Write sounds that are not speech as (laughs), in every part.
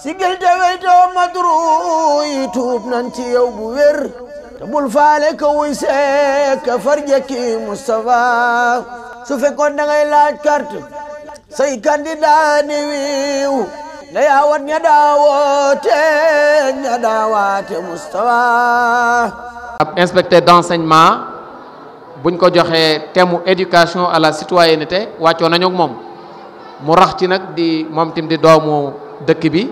sigil te weytoo madru yi tuub nan ci yow bu wér te bul faale ka wuy seek ka farjaki Moustapha su fekkoon da ngay laaj carte say candidat ni wiiw na yaawat ña daawoote ña daawaate Moustapha ab inspecteur d'enseignement buñ ko joxee temu éducation à la citoyenneté wàccoo nañu ak moom mu rax ci nag di moom tim di doomu dëkk bi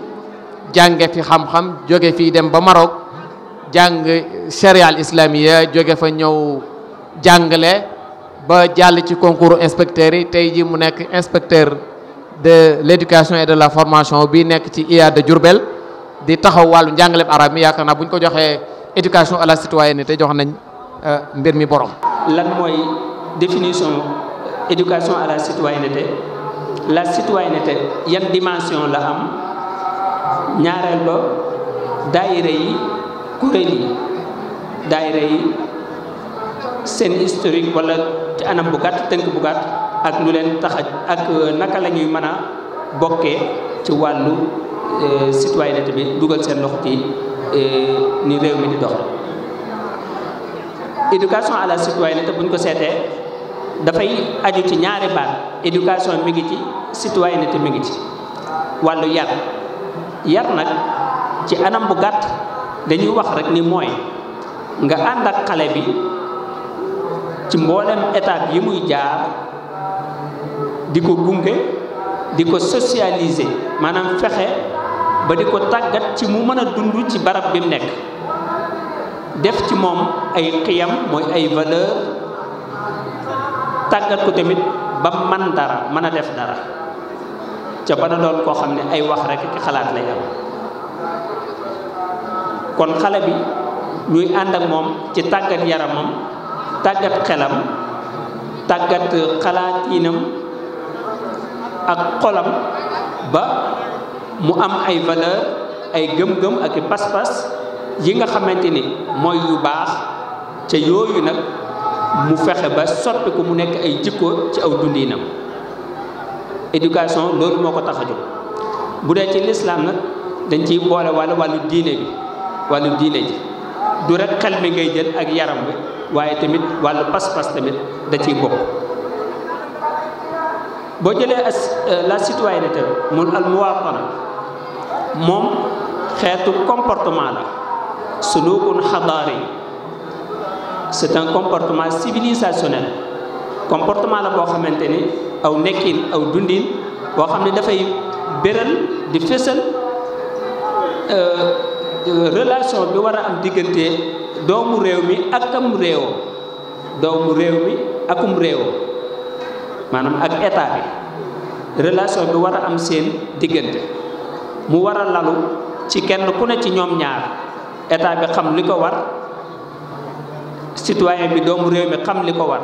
jangé fi xam-xam jogé fi dem ba Maroc jang charia al islamia jóge fa ñew jangalé ba jall ci concours inspecteur yi ji mu nekk inspecteur de l'éducation et de la formation bi nekk ci IA de Diourbel di taxaw walu jangalé arab mi yaakaar buñ ko joxé éducation à la citoyenneté jox nañ euh, mbir mi borom. lan moy définition éducation à la citoyenneté la citoyenneté yan dimension la am. ñaareel ba daayira yi kuréel yi daayira yi seen historique wala ci anam bu gàtt tënk bu gàtt ak lu leen tax ak euh, naka lañuy ñuy mën a bokkee ci wàllu euh, citoyenneté bi dugal seen loxo ci euh, ni réew mi di dox éducation à la buñ ko seetee dafay aju ci ñaari baat éducation mi ngi ci citoyenneté mi ngi ci wàllu yar yar nag ci anam bu gàtt dañuy wax rek ni mooy nga ànd ak xale bi ci mboolem étape yi muy jaar di ko gunge di ko socialiser maanaam fexe ba di ko tàggat ci mu mën a dund ci barab bi mu nekk def ci moom ay xiyam mooy ay valeur tàggat ko tamit ba mën dara mën a def dara ca ba na doon koo ay wax rek ki xalaat lay am kon xale bi ñuy and ak mom ci tagat yaramam tagat xelam tagat xalaatinam ak xolam ba mu am ay valeur ay gem gem ak i pas-pas yi nga xamanteni moy yu bax ca yoyu nak mu fexé ba soppi ko mu nek ay jikko ci aw dundinam éducation loolu moko taxaju budé ci l'islam nak dañ ci bolé walu walu diine bi walu diine ji du rek xalmi ngay jël ak yaram bi waye tamit walu pass pass tamit da ci bokk bo jëlé la citoyenneté mon al muwaqana mom xétu comportement la sulukun hadari c'est un comportement civilisationnel comportement la boo xamante ni aw nekkiin aw dundin boo xam ne dafay béral di fésal euh, relation bi war a am diggante doomu réew mi ak am réew doomu réew mi akum réew maanaam ak état bi relation bi war a am seen diggante mu war a lalu ci kenn ku ne ci ñoom ñaar état bi xam li ko war citoyen bi doomu réew mi xam li ko war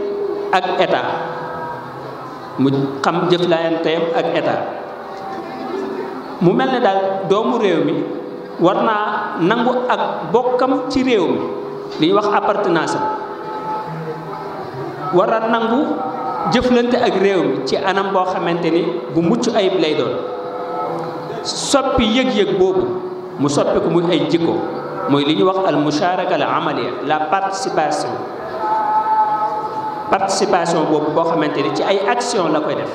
ak état mu xam jëflanteem ak état mu mel ne daal doomu réew mi war naa nangu ak bokkam ci réew mi li ñuy wax appartenance am war nangu jëflante ak réew mi ci anam boo xamante ni bu mucc ayib lay doon soppi yëg-yëg boobu mu soppi ko muy ay jikko mooy li ñuy wax al musharaka al amalia la participation participation boobu boo xamante ni ci ay action la koy def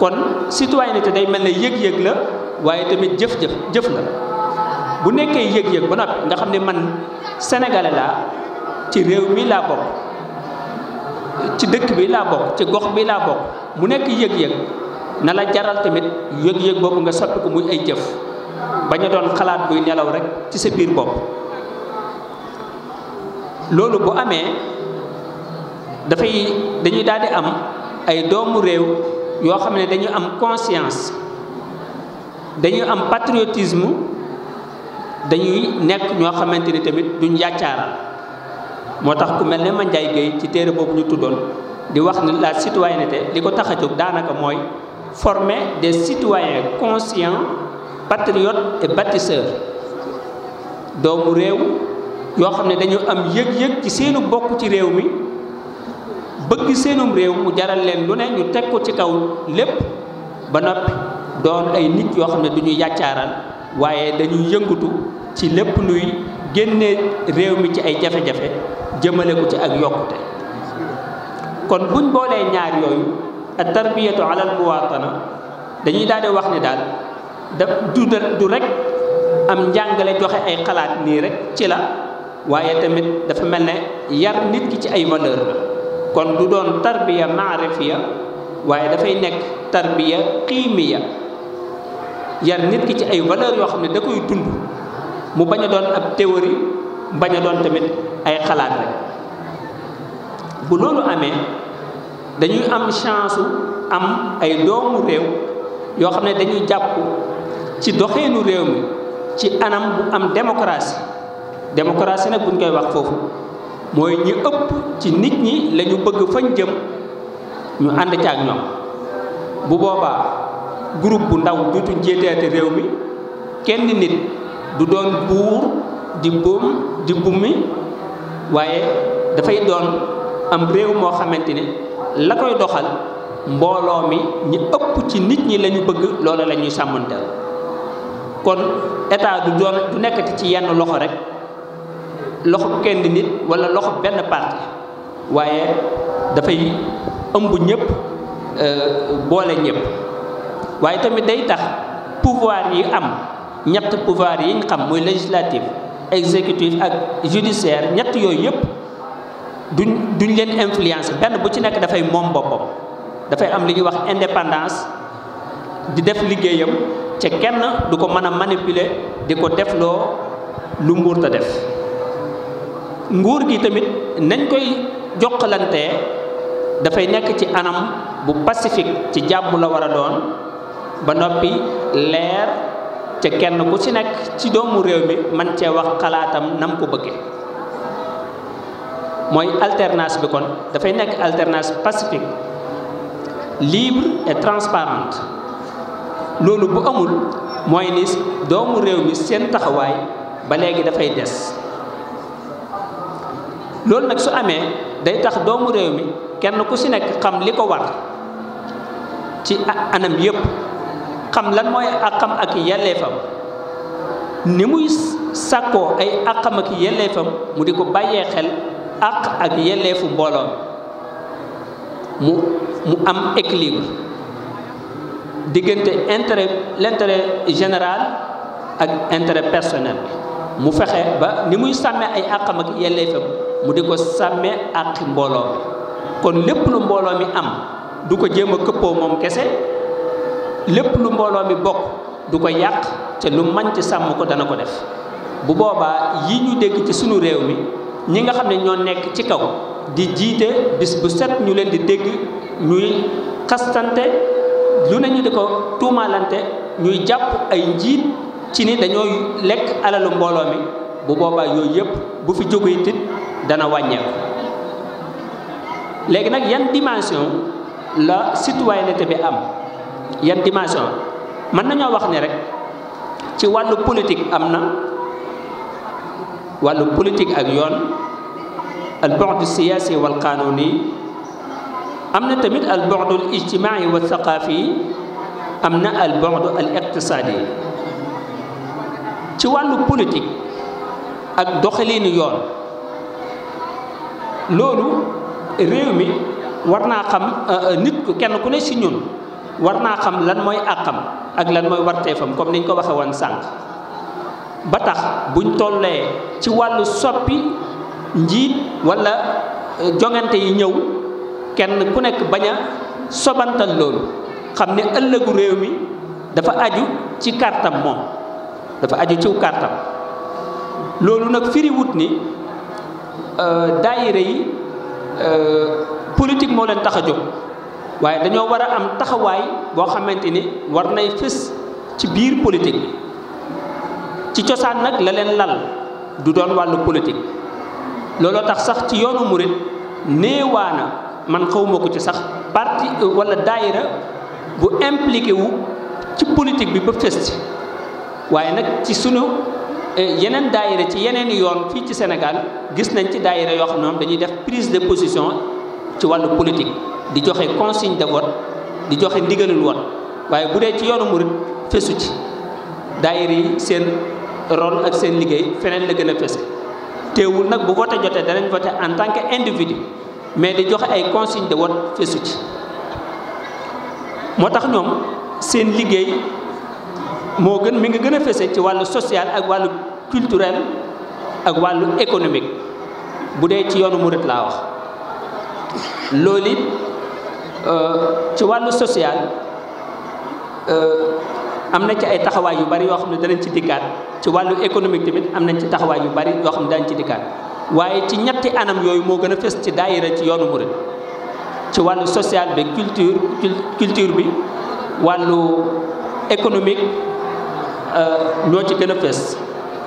kon citoyenneté day mel na yëg-yëg la waaye tamit jëf-jëf jëf la bu nekkee yëg-yëg ba noppi nga xam ne man sénégalais laa ci réew mi laa bokk ci dëkk bi laa bokk ci gox bi laa bokk mu nekk yëg-yëg na la jaral tamit yëg-yëg boobu nga soppi ko muy ay jëf bañ a doon xalaat buy nelaw rekk ci sa biir bopp loolu bu amee dafay dañuy daldi am ay doomu réew yoo xam ne dañu am conscience dañuy am patriotisme dañuy nekk ñoo xamante ni tamit duñ yàccaaral moo tax ku mel ne Mandiaye Guèye ci téere boobu ñu tuddoon di wax ni la citoyenneté li ko tax a jóg daanaka mooy former des citoyens conscients patriotes et bâtisseurs doomu réew yoo xam ne dañu am yëg-yëg ci seenu bokk ci réew mi bëgg seenum réew mu jaral leen lu ne ñu teg ko ci kaw lépp ba noppi doon ay nit yoo xam ne du ñu yàccaaral waaye dañuy yëngatu ci lépp luy génne réew mi ci ay jafe-jafe jëmale ko ci ak yokkute kon buñ boolee ñaar yooyu at tarbiyatu ala al muwatana dañuy daal di wax ni daal da du du rek am njàngale joxe ay xalaat nii rekk ci la waaye tamit dafa mel ne yar nit ki ci ay valeur la kon du doon tarbiya maarifiya waaye dafay nekk tarbiya qiimiya yar nit ki ci ay valeur yoo xam ne da koy dund mu bañ a doon ab théorie bañ a doon tamit ay xalaat rek bu loolu amee dañuy am chance am ay doomu réew yoo xam ne dañuy jàpp ci doxeenu réew mi ci anam bu am démocratie démocratie nag buñ koy wax foofu mooy ñi ëpp ci nit ñi lañu bëgg fañ jëm ñu ànd ca ak ñoom bu boobaa groupe bu ndaw duutu njiiteete réew mi kenn nit du doon buur di buum di bummi waaye dafay doon am réew moo xamante ne la koy doxal mbooloo mi ñi ëpp ci nit ñi lañu bëgg loola lañuy ñuy sàmmanteel kon état du doon du nekkati ci yenn loxo rek loxo kenn nit wala loxo benn parti waaye dafay ëmb ñëpp euh, boole ñëpp waaye tamit day tax pouvoir yi am ñett pouvoir yi ñu xam muy législatif exécutif ak judiciaire ñett yooyu yëpp duñ duñ leen influence benn bu ci nekk dafay moom boppam dafay am li ñuy wax indépendance di def liggéeyam ca kenn du ko mën a manipuler di ko defloo lu mbuur ta def nguur gi tamit nañ koy jokkalantee dafay nekk ci anam bu pacifique ci jàmm la war a doon ba noppi leer ca kenn ku ci nekk ci doomu réew mi man cee wax xalaatam nam ko bëggee mooy alternance bi kon dafay nekk alternance pacifique libre et transparente loolu bu amul mooy ni doomu réew mi seen taxawaay ba léegi dafay des loolu nak su amé day tax doomu rew mi kenn ku ci nek xam liko war ci anam yépp xam lan moy akam ak yelleefam ni muy sàkkoo ay akam ak yelleefam mu diko baye xel ak ak yelleefu mbolo mu mu am équilibre digënté intérêt l'intérêt général ak intérêt personnel mu fexe ba ni muy samé ay akam ak yelleefam mu di ko sàmmee àqi mbooloo mi kon lépp lu mbooloo mi am du ko jéem a këppoo moom kese lépp lu mbooloo mi bokk du ko yàq te lu man ci sàmm ko dana ko def bu boobaa yi ñu dégg ci sunu réew mi ñi nga xam ne ñoo nekk ci kaw di jiite bis bu set ñu leen di dégg ñuy xastante lu ne ñu di ko tuumaalante ñuy jàpp ay njiit ci ni dañoo lekk alalu mbooloo mi bu boobaa yooyu yëpp bu fi jógee tit dana wàññeeku légui nak yane dimension la citoyenneté bi am yane dimension man nañu wax ne rek ci walu politique amna walu politique ak yoon al bu'd siyasi wal qanuni amna tamit al bu'd al ijtimai wa thaqafi amna al bu'd al iqtisadi ci walu politique ak doxaliinu yoon loolu réew mi war naa xam euh, euh, nit ku kenn ku nekk si ñun war naa xam lan mooy àqam ak lan mooy warteefam comme niñ ko waxee woon sànq ba tax buñ tollee ci wàllu soppi njiit walla euh, jongante yi ñëw kenn ku nekk bañ a sobantal loolu xam ne ëllëgu réew mi dafa aju ci kartam moom dafa aju ciw kartam loolu nag firiwut ni Euh, daayira yi euh, politique moo leen tax a jóg waaye dañoo war a am taxawaay boo xamante ni war nay fës ci biir politique bi ci cosaan nag la leen lal du doon wàllu politique looloo tax sax ci yoonu murit néewaana man xawuma ko ci sax parti euh, wala daayira bu impliqué wu ci politique bi ba fës waaye nag ci sunu Eh, yeneen daayira ci yeneen yoon fii ci Sénégal gis nañ ci daayire yoo xam ne moom dañuy def prise de position ci wàllu politique di joxe consigne de vote di joxe ndigalul woon waaye bu dee ci yoonu murit fesu ci daayira yi seen rôle ak seen liggéey feneen la gën a fese teewul nag bu vote jotee danañ vote en tant que individu mais di joxe ay consigne de vote fesu ci moo tax ñoom seen liggéey moo gën mi ngi gën a fese ci wàllu social ak wàllu culturel ak wàllu économique bu dee ci yoonu murit laa wax loolu it euh, ci wàllu social euh, am na ci ay taxawaay yu bari yoo xam ne danañ ci dikkaat ci wàllu économique tamit am nañ ci taxawaay yu bari yoo xam ne dañ ci dikkaat waaye ci ñetti anam yooyu moo gën a fës ci daayira ci yoonu murit ci wàllu social bi culture culture bi wàllu économique euh, ñoo ci gën a fës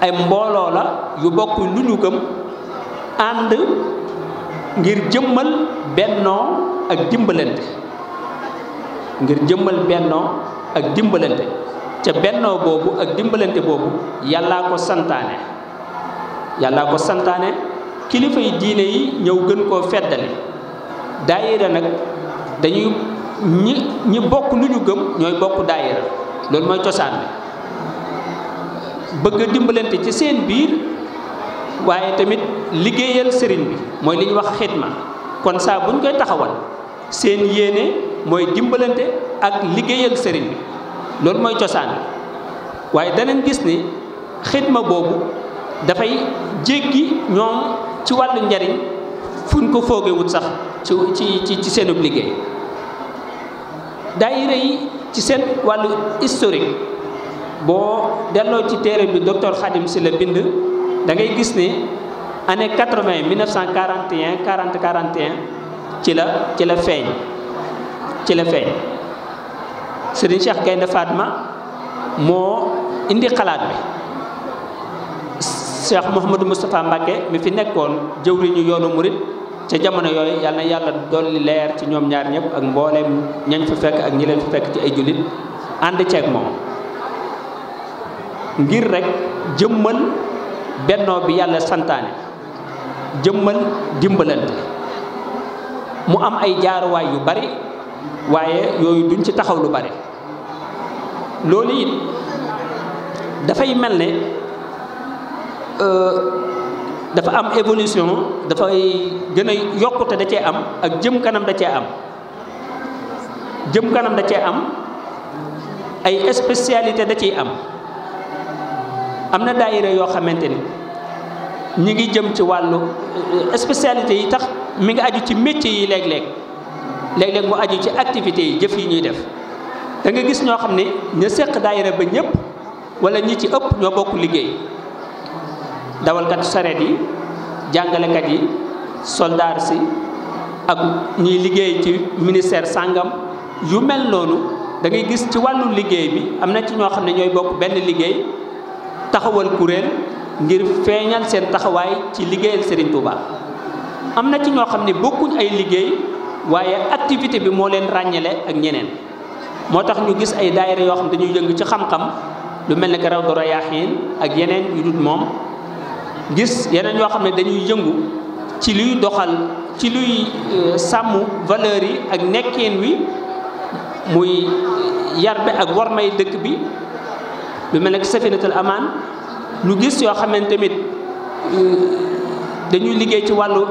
ay mbooloo la yu bokk lu ñu gëm ànd ngir jëmmal bennoo ak dimbalante ngir jëmmal bennoo ak dimbalante ca bennoo boobu ak dimbalante boobu yàlla ko santaane yàllaa ko santaane kilifa yi diine yi ñëw gën koo feddale daayira nag dañuy ñi ñi bokk lu ñu gëm ñooy bokk daayira loolu mooy cosaan bi bëgg a dimbalante ci seen biir waaye tamit liggéeyal sëriñ bi mooy li ñu wax xidma kon saa buñ koy taxawal seen yéene mooy dimbalante ak liggéeyal sëriñ bi loolu mooy cosaan bi waaye danañ gis ni xidma boobu dafay jéggi ñoom ci wàllu njariñ fuñ ko foogewut sax ci ci ci seenub liggéey daayira yi ci seen wàllu historique bo delo ci téere bi docteur Khadim sile bind da ngay gis ni année 80 1941 40 41 ci la ci la feñ ci la feñ Serigne Cheikh Gaynde Fatma mo indi khalat bi Cheikh mohammed Moustapha mbake mi fi nekkoon ñu yoonu murit ci jamono yoy yalla yalla doli leer ci ñom ñaar ñep ak mbolem ñañ fa fekk ak ñi leen fa fekk ci ay jullit ci ak mom ngir rek jëmmal bennoo bi yàlla santaane jëmmal dimbalante mu am ay jaaruwaay yu bari waaye yooyu duñ ci taxaw lu bari loolu it dafay mel ne euh, dafa am évolution dafay gën a yokkute da cee am ak jëm kanam da cee am jëm kanam da cee am ay spécialité da ciy am am na daayira yoo xamante ni ñi ngi jëm ci wàllu euh, spécialité yi tax mi ngi aju ci métier yi léeg-léeg léeg mu aju ci activités yi jëf yi ñuy def da nga gis ñoo xam ne ña seq daayira ba ñëpp wala ñi ci ëpp ñoo bokk liggéey dawalkat sareet yi jàngalekat yi soldaar si ak ñuy liggéey ci ministère sàngam yu mel noonu da ngay gis ci wàllu liggéey bi am na ci ñoo xam ne ñooy bokk benn liggéey taxawal kuréel ngir feeñal seen taxawaay ci liggéeyal Serigne Touba am na ci ñoo xam ne bokkuñ ay liggéey waaye activité bi moo leen ràññale ak ñeneen moo tax ñu gis ay daayira yoo xam dañuy yëngu ci xam lu mel ne que ak yeneen yu moom gis yeneen yoo xam ne dañuy yëngu ci luy doxal ci luy euh, sàmm valeur yi ak nekkeen wi muy yarbe ak warmay dëkk bi lu mel ne safinatul amaan lu gis yoo xamante tamit dañuy liggéey ci wàllu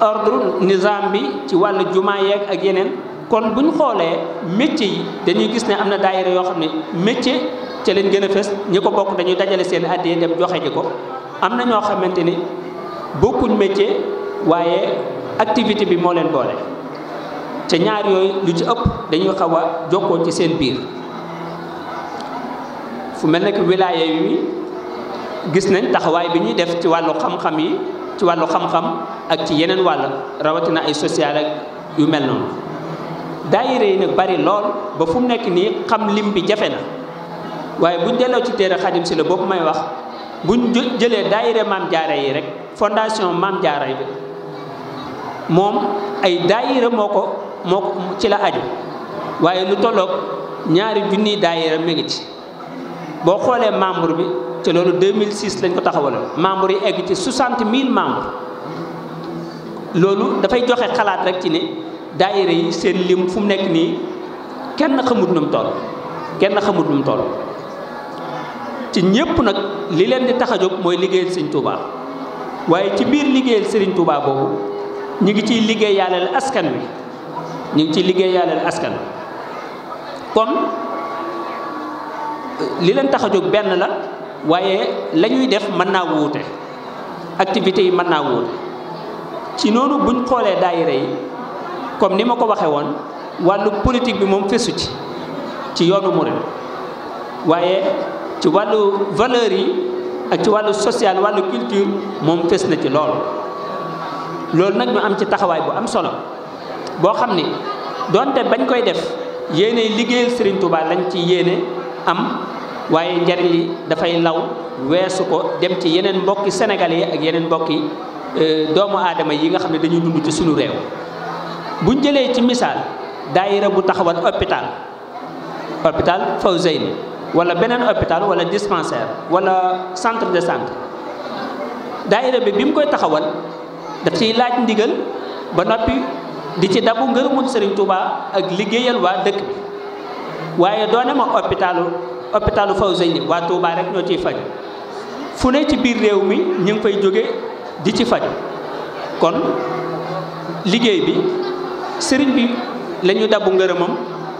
ordre nizam bi ci wàllu jumaa yeeg ak yeneen kon bu ñu xoolee métier yi dañuy gis ne am na daayira yoo xam ne métier ca leen gën a ñi ko bokk dañuy dajale seen àddee dem joxe ji ko am na ñoo xamante ni bokkuñ métier waaye activité bi moo leen boole te ñaar yooyu lu ci ëpp dañuy xaw a jokkoo ci seen biir fu mel ne que wilaya yi gis nañ taxawaay bi ñuy def ci wàllu xam-xam yi ci wàllu xam-xam ak ci yeneen wàll rawatina ay social ak yu mel noonu daayira yi nag bari lool ba fu mu nekk nii xam lim bi jafe na waaye buñ delloo ci téere xadim si la boobu may wax buñ jëlee daayira maam jaara yi rek fondation maam jaara yi moom ay daayira moo ko moo ko ci la aju waaye lu tolloog ñaari junniy daayira mi ngi ci boo xoolee membre bi te loolu 2006 lañ ko taxawaloon membre yi egg ci 60 000 membres loolu dafay joxe xalaat rek ci ne daayira yi seen lim fu mu nekk nii kenn xamut nu mu toll kenn xamut nu mu toll ci ñépp nag li leen di tax a jóg mooy liggéeyal Sëriñ Tuubaa waaye ci biir liggéeyal Sëriñ Tuubaa boobu ñu ngi ciy liggéey yaaleel askan wi ñu ngi ciy liggéey yaaleel askan wi kon li leen tax a jóg benn la waaye lañuy def mën naa wuute activités yi mën naa wuute ci noonu buñ xoolee daayira yi comme ni ma ko waxee woon wàllu politique bi moom fesu ci ci yoonu murid waaye ci wàllu valeur yi ak ci wàllu social wàllu culture moom fes na ci lool loolu nag mu am ci taxawaay bu am solo boo xam ni doonte bañ koy def yéene liggéeyal Serigne Touba lañ ci yéene am waaye njariñ li dafay law weesu ko dem ci yeneen mbokki sénégalais yi ak yeneen mbokki euh, doomu aadama yi nga xam ne dañuy dund ci suñu réew bu jëlee ci misaal daayira bu taxawal hôpital hôpital Fawzeyni wala beneen hôpital wala dispensaire walla centre de santé daayira bi bi mu koy taxawal daf ciy laaj ndigal ba noppi di ci dabu ngërëmul Serigne Touba ak liggéeyal waa dëkk bi waaye doone ma hôpitalu hôpitalu Fawzeyni waa Touba rek ñoo ciy faju fu ne ci biir réew mi ñu ngi fay jóge di ci faju kon liggéey bi sëriñ bi lañu ñu dabbu ngërëmam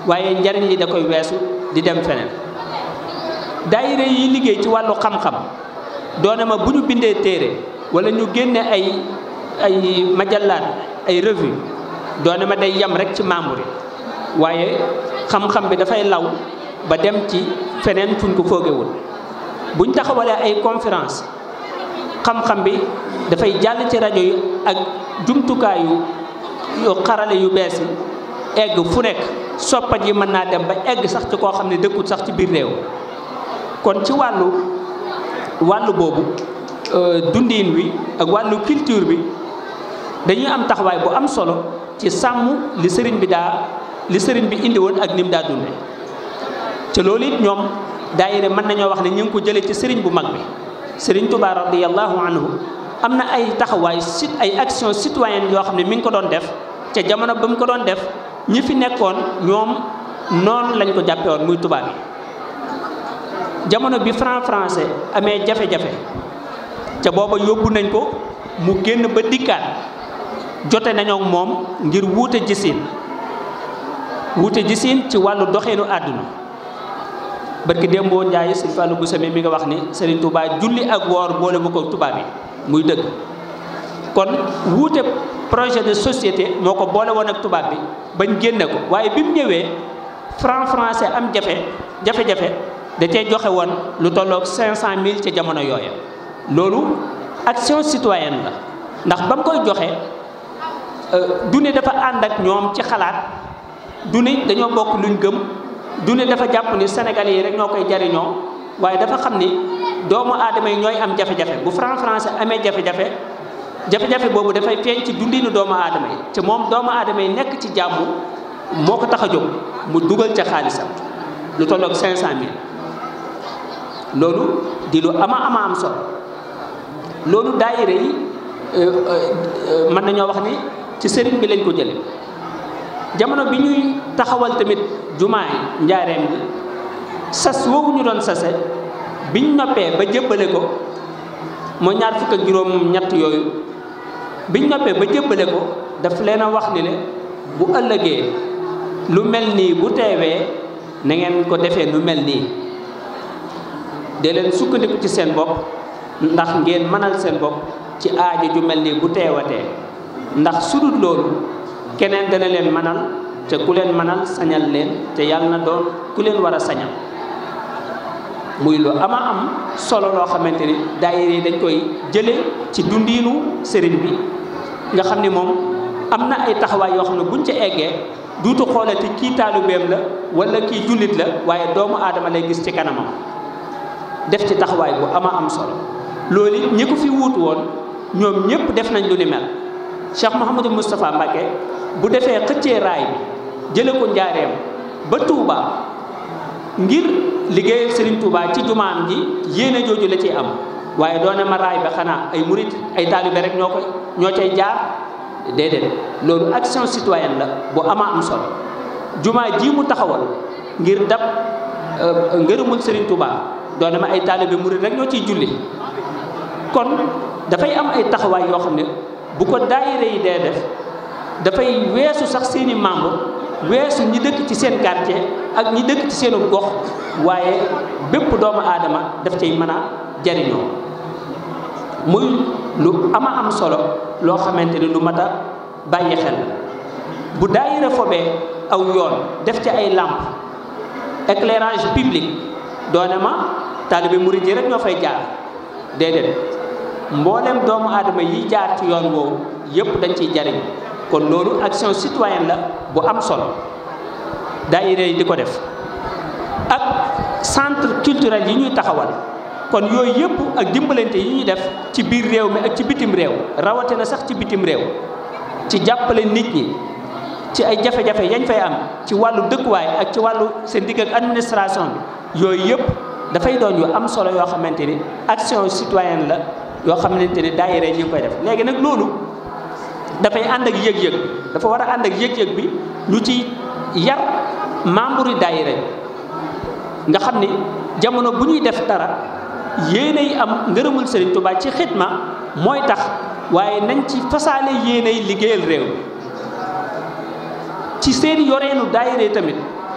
waaye njariñ li da koy weesu di dem feneen daayira yi liggéey ci wàllu xam-xam doone ma bu ñu bindee téere wala ñu génne ay ay majallaat ay revue doone ma day yam rek ci membre yi waaye xam-xam bi dafay law ba dem ci feneen fuñ ko foogewul buñ taxawalee ay conférence xam-xam bi dafay jàll ci rajo yu ak jumtukaayu yu xarale yu bees yi egg fu nekk soppat yi mën naa dem ba egg sax ci koo xam ne dëkkul sax ci biir réew kon ci wàllu wàllu boobu dundin wi ak wàllu culture bi dañuy am taxawaay bu am solo ci sàmm li sëriñ bi daa li sëriñ bi indi woon ak nim daa dunde te loolu ñoom daayire mën nañoo wax ne ñu ngi ko jëlee ci sëriñ bu mag bi sëriñ Tuubaa radiyallahu anhu am na ay taxawaay sit ay action citoyenne yoo xam ne mu ngi ko doon def ca jamono ba mu ko doon def ñi fi nekkoon ñoom noonu lañ ko jàppewoon muy tubaab bi jamono bi franc français amee jafe-jafe ca booba yóbbu nañ ko mu génn ba dikkaat jote nañu moom ngir wuute gisin wute gisin ci wàllu doxeenu àdduna barki démboo Njaay si Fallou bu sami mi nga wax ni Serigne Touba julli ak woor boole bu ko tubaab yi muy dëgg kon wuute projet de société moo ko boole woon ak tubaab bi bañ génnee ko waaye bi mu ñëwee franc français am jafe jafe-jafe da cee joxe woon lu tolloog 500000 ca jamono yooya loolu action citoyenne la ndax ba mu koy joxe euh, du ne dafa ànd ak ñoom ci xalaat. du ni dañoo bokk luñ gëm duni dafa jàpp ni sénégalais yi rek ñoo koy jariñoo waaye dafa xam ni doomu aadama yi ñooy am jafe-jafe bu franc francé amee jafe-jafe jafe-jafe boobu dafay feeñ ci dundinu doomu aadama yi te moom doomu aadama yi nekk ci jàmm moo ko tax a jóg mu dugal ca xaalisam lu tolloog cinq cent mille loolu di lu ama ama am solo loolu daayira yi euh, euh, euh, mën nañoo wax ni ci sëriñ bi lañ ko jële jamono bi ñuy taxawal tamit jumaa njaareem bi sas woowu ñu doon sase biñ noppee ba jébbale ko moo ñaar fukk ak juróom ñett yooyu biñ noppee ba jébbale ko daf leen a wax ni ne bu ëllëgee lu mel nii bu teewee na ngeen ko defee lu mel nii de leen sukkandiku ci seen bopp ndax ngeen mënal seen bopp ci aajo ju mel nii bu teewatee ndax sudut loolu keneen dana leen manal te ku leen manal sañal leen te yàlla na doon ku leen war a sañal muy lu ama am solo loo xamante ni daayira yi dañ koy jële ci dundiinu sëriñ bi nga xam ni moom am na ay taxawaay yoo xam ne buñ ci eggee duutu xoolati kii taalubeem la wala kii jullit la waaye doomu aadama lay gis ci kanamam def ci taxawaay bu ama am solo loolu ñi ko fi wuutu woon ñoom ñëpp def nañ lu ni mel Cheikh Mouhamadou Moustapha Mbacké bu defee xëccee raay bi jële ko njaareem ba Touba ngir liggéeyal Serigne Touba ci jumaam ji yéene jooju la ciy am waaye doone ma raay ba xanaa ay murit ay taalibe rek ñoo ko ñoo cay jaar déedéet loolu action citoyenne la bu ama am solo jumaa ji mu taxawal ngir dab euh, ngërëmul Serigne Touba doone ma ay taalibe murit rek ñoo ciy julli kon dafay am ay taxawaay yoo xam ne bu ko daayira yi dee def dafay weesu sax seeni membre weesu ñi dëkk ci seen quartier ak ñi dëkk ci seenu gox waaye bépp doomu aadama daf cay mën a jariñoo muy lu ama am solo loo xamante ni lu mat a bàyyi xel bu daayira fobe aw yoon def ci ay làmp éclairage public doone ma taalibe murid yi rek ñoo fay jaar déedéet mboolem doomu aadama yi jaar ci yoon woowu yépp dañ ciy jariñ kon loolu action citoyenne la bu am solo daayira yi di ko def ak centre culturel yi ñuy taxawal kon yooyu yëpp ak dimbalante yi ñuy def ci biir réew mi ak ci bitim réew rawatina sax ci bitim réew ci jàppale nit ñi ci ay jafe-jafe yañ fay am ci wàllu dëkkuwaay ak ci wàllu seen digg ak administration bi yooyu yëpp dafay doon yu am solo yoo xamante ni action citoyenne la yoo xamante ni daayira ñu koy def léegi nag loolu. dafay ànd ak yëg-yëg dafa war a ànd ak yëg-yëg bi ñu ci yar membre yi daayira nga xam ni jamono bu ñuy def dara yéene yi am ngërëmul Serigne Touba ci xidma mooy tax waaye nañ ci fasaale yéene yi liggéeyal réew ci seen yoreenu daayira tamit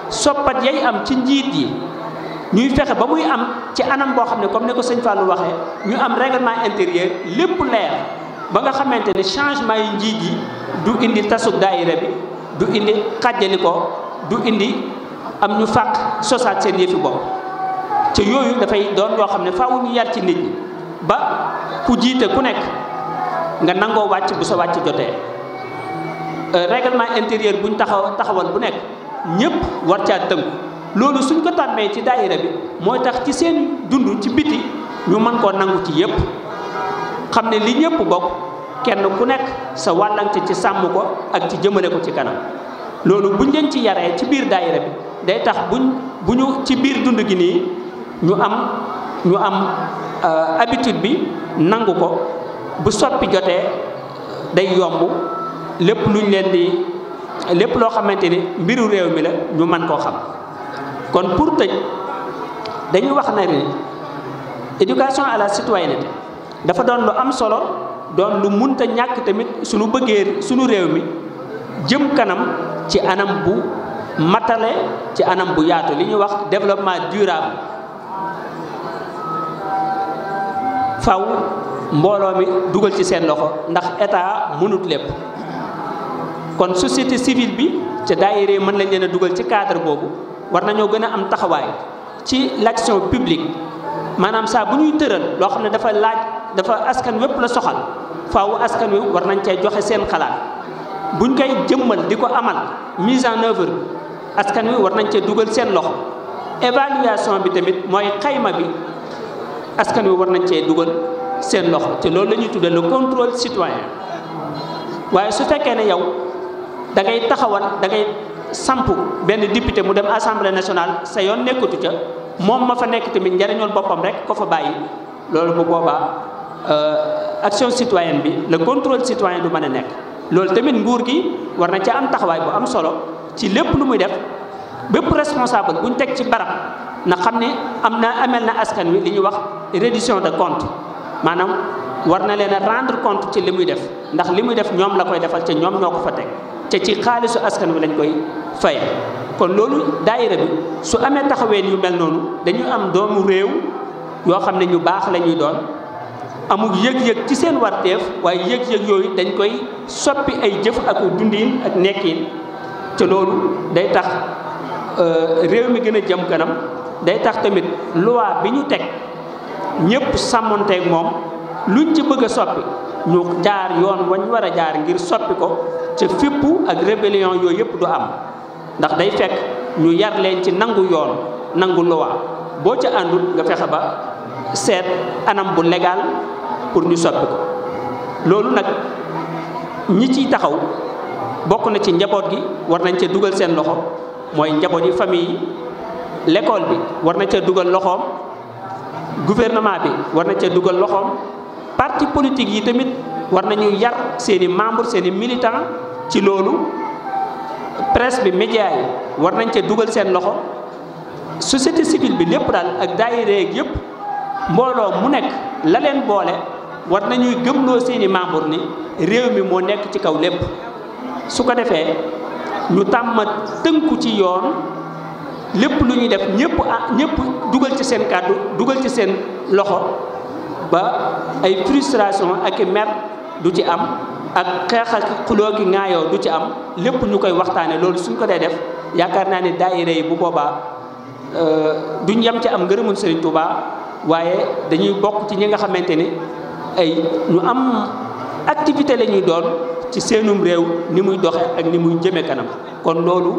soppat yay am ci njiit yi ñuy fexe ba muy am ci anam boo xam ne comme ni ko sëñ Fallou waxee ñu am règlement intérieur lépp leer ba nga xamante change changement yi njiit du indi tasub daayira bi du indi xàjjali ko du indi am ñu fak sosat seen yëfi bopp te da fay doon lo xamne faaw ñu yar ci nit ba ku jité ku nek nga nango wacc bu sa wàcc jotee euh, règlement intérieur buñ taxaw taxawal bu nek ñepp war caa tënku lolu suñ ko tamé ci daayira bi moy tax ci seen dundu ci biti ñu man ko nangu ci yépp xamne li ñepp bok kenn ku nek sa walang ci ci sam ko ak ci jëmele ko ci kanam lolu buñ leen ci yaree ci bir daayira bi day tax buñ ci bir dund gi ni ñu am ñu am euh, habitude bi nangu ko bu soppi joté day yomb lepp luñ leen di lepp lo xamanteni biru mbiru rew mi la ñu man ko xam kon pour tej dañuy wax na ni éducation à la citoyenneté dafa doon lu am solo doon lu munta ñàkk tamit suñu bëggee suñu réew mi jëm kanam ci anam bu matale ci anam bu yaatu li ñuy wax développement durable faw mbooloo mi dugal ci seen loxo ndax état mënut lépp kon société civile bi ca daayira mën lañ leen a dugal ci cadre boobu war nañoo gën a am taxawaay ci l'action publique maanaam saa bu ñuy tëral loo xam ne dafa laaj dafa askan wépp la soxal faawu askan wi war nañ cee joxe seen xalaat buñ koy jëmmal di ko amal mise en œuvre askan wi war nañ cee dugal seen loxo évaluation bi tamit mooy xayma bi askan wi war nañ cee dugal seen loxo te loolu lañuy ñuy tuddee le contrôle citoyen waaye su fekkee ne yow da ngay taxawal da ngay samp benn député mu dem assemblée nationale sa yoon nekkatu ca mom ma fa nek tamit njariñul bopam rek ko fa bayyi lolou bu boba euh action citoyenne bi le contrôle citoyen du mën nek lolou tamit nguur gi warna ci am taxaway bu am solo ci lepp lu muy def bepp responsable buñ tek ci barab na xam amna amel na askan wi liñu wax reddition de compte manam warna leena rendre compte ci limuy def ndax limuy def ñom la koy defal ci ñom ñoko fa tek te ci xaalisu askan wi lañ koy fay kon loolu daayira bi su amee taxaween yu mel noonu dañu am doomu réew yoo xam ne ñu baax lañuy doon amul yëg-yëg ci seen warteef waaye yëg-yëg yooyu dañ koy soppi ay jëf ak dundiin ak nekkiin te loolu day tax euh, réew mi gën a jëm kanam day tax tamit loi bi ñu teg ñëpp sàmmonteeg moom luñ ci bëgg a soppi ñu jaar yoon wañ war a jaar ngir soppi ko ca fippu ak rébellion yooyu yëpp du am ndax day fekk ñu yar leen ci nangu yoon nangu luwa boo ca àndul nga fexe ba seet anam bu légal pour ñu soppi ko loolu nag ñi ciy taxaw bokk na ci njaboot gi war nañ ca dugal seen loxo mooy njaboot yi famille yi l'école bi war na ca dugal loxoom gouvernement bi war na ca dugal loxoom parti politique yi tamit war nañu yar seeni i seeni militan ci loolu presse bi média yi war nañ ca dugal seen loxo société civile bi lépp daal ak daayira yépp mbooloo mu nekk la boole war nañuy gëmloo seeni i membres ni réew mi moo nekk ci kaw lépp su ko defee ñu tàmm tënku ci yoon lépp lu ñuy def ñépp ah ñépp dugal ci seen kàddu dugal ci seen loxo ba ay frustration ak i mer du ci am ak xeex ak xuloo ki ŋaayoo du ci am lépp ñu koy waxtaane loolu suñ ko dee def yaakaar naa ne daayira yi bu boobaa euh, duñ yem ci am ngërëmul Serigne Touba waaye dañuy bokk ci ñi nga xamante ni ay ñu am activité la ñuy doon ci seenum réew ni muy doxe ak ni muy jëme kanam kon loolu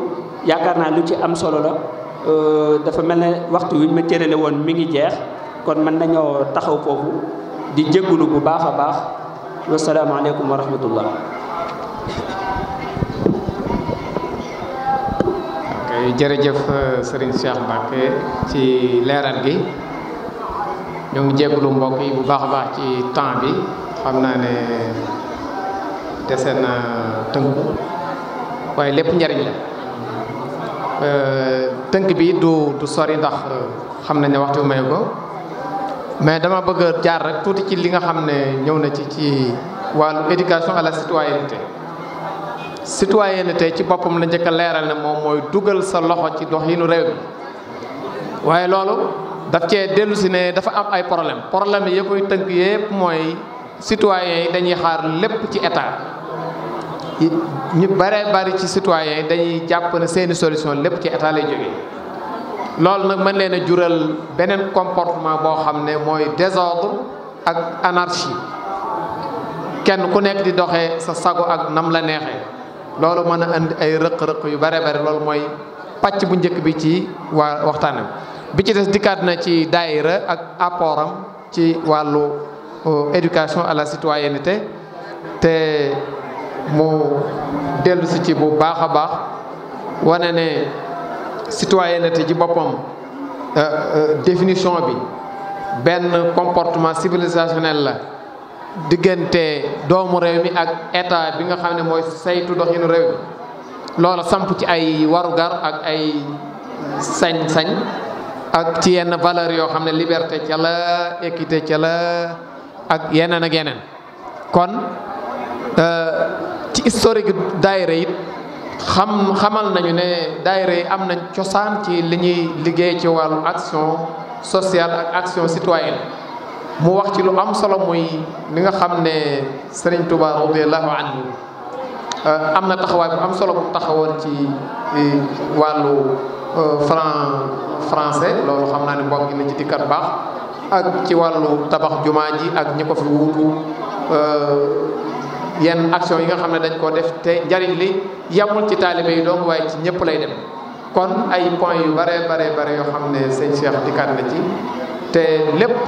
yaakaar naa lu ci am solo la euh, dafa mel na waxtu wi ñu ma cërale woon mi ngi jeex kon mën nañoo taxaw foofu di jéggulu bu baax a baax wasalaamaaleykum wa rahmatullah ok jërëjëf euh, sëriñ Cheikh Mbacke ci leeral gi ñoo ngi jéggulu mbokk yi bu baax a baax ci temps bi xam naa ne dese na tënk lépp njariñ la euh, tënk bi du sori ndax euh, xam nañ ne waxtu mayu ko mais dama bëgg a jaar rek tuuti ci li nga xam ne ñëw na ci ci wàllu éducation à la citoyenneté citoyenneté ci boppam la njëkk a leeral ne moom mooy dugal sa loxo ci dox doxinu réew mi waaye loolu daf cee dellu si ne dafa am ay problème problème yi koy tënk yëpp mooy citoyens yi dañuy xaar lépp ci état ñu bare bari ci citoyens yi dañuy jàpp ne seeni solution lépp ci état lay jógee loolu nag mën leen a jural beneen comportement boo xam ne mooy désordre ak anarchie kenn ku nekk di doxee sa sago ak nam la neexee loolu mën a indi ay rëq-rëq yu bare bare loolu mooy pàcc bu njëkk bi ci waa waxtaanam bi ci des dikkaat na ci daayira ak apportam ci wàllu euh, éducation à la citoyenneté te mu dellu si ci bu baax a baax wane ne citoyenneté ci boppam euh, euh, définition bi benn comportement civilisationnel la diggante doomu réew mi ak état bi nga xam ne mooy saytu doxinu réew mi loola samp ci ay warugar ak ay sañ-sañ ak ci yenn valeur yoo xam ne liberté ca la équité ca la ak yeneen ak yeneen kon euh, ci historique daayira it xam xamal nañu ne daayira yi am nañ cosaan ci li ñuy liggéey ci wàllu action sociale ak action citoyenne mu wax ci lu am solo muy li nga xam ne Serigne Touba radiyallahu anhu euh, am na taxawaay bu am solo bu taxawoon ci wàllu euh, franc français loolu xam naa ne mbokk yi na ci dikkat baax ak ci wàllu tabax jumaa ji ak ñi ko fi wuutu euh, yen action yi nga xamne dañ ko def te jariñ li yamul ci talibé yi doom way ci ñëpp lay dem kon ay point yu bare bare bare yo xamne seigne Cheikh dikkaat na ci te lépp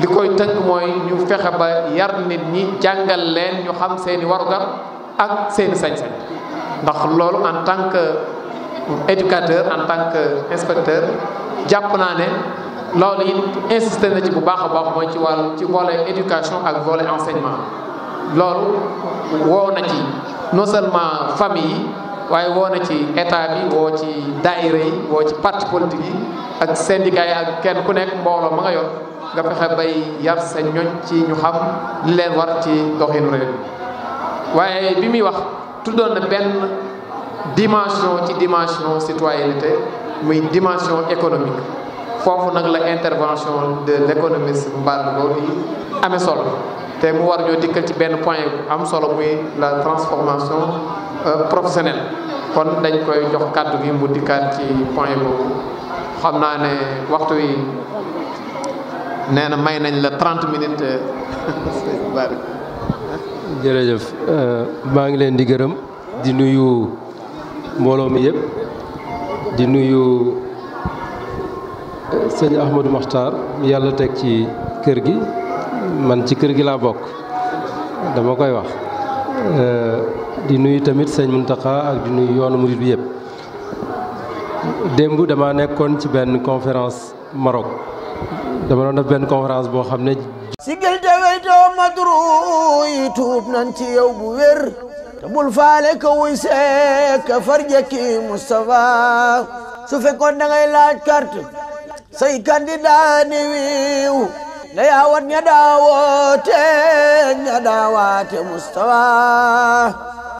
likoy koy moy ñu fexe ba yar nit ñi jàngal leen ñu xam seen warugar ak seen sañ-sañ ndax loolu en tant que éducateur en tant que inspecteur jàpp na ne loolu it insisté na ci bu baax a baax mooy ci wàll ci volet éducation ak volet enseignement loolu woo na ci non seulement famille yi waaye woo na ci état bi woo ci daayira yi woo ci parti politique yi ak syndicat yi ak kenn ku nekk mbooloo ma nga yor nga fexe bay yar sa ñoñ ci ñu xam li leen war ci doxinu réew waaye bi muy wax tuddoon na benn dimension ci dimension citoyenneté muy dimension économique foofu nag la intervention de l'économiste Mbargo yi amee solo te mu war ñoo dikkal ci benn point bu am solo muy la transformation euh, professionnelle kon dañ koy jox kàddu gi mu dikkaat ci point boobu xam naa ne waxtu yi nee na may nañ la trente minutes euh, (laughs) bari jërëjëf euh, maa ngi leen di gërëm di nuyu mbooloo mi yëpp di nuyu sëñ Ahmadou Makhtar yàlla teg ci kër gi man ci kër gi laa bokk dama koy wax euh, di nuyu tamit sëñ Muntaxa ak di nuyu yoonu murit bi démb dama nekkoon ci benn conférence Maroc dama doon def benn conférence boo xam ne sigil te weytoo madru yi tuub nan ci yow bu wér te faale ko wuy seek farjëkki Moustapha su fekkoon da laaj carte say candidat wiiw na yaawat ña daawoote eh, ña daawaate eh, mustawa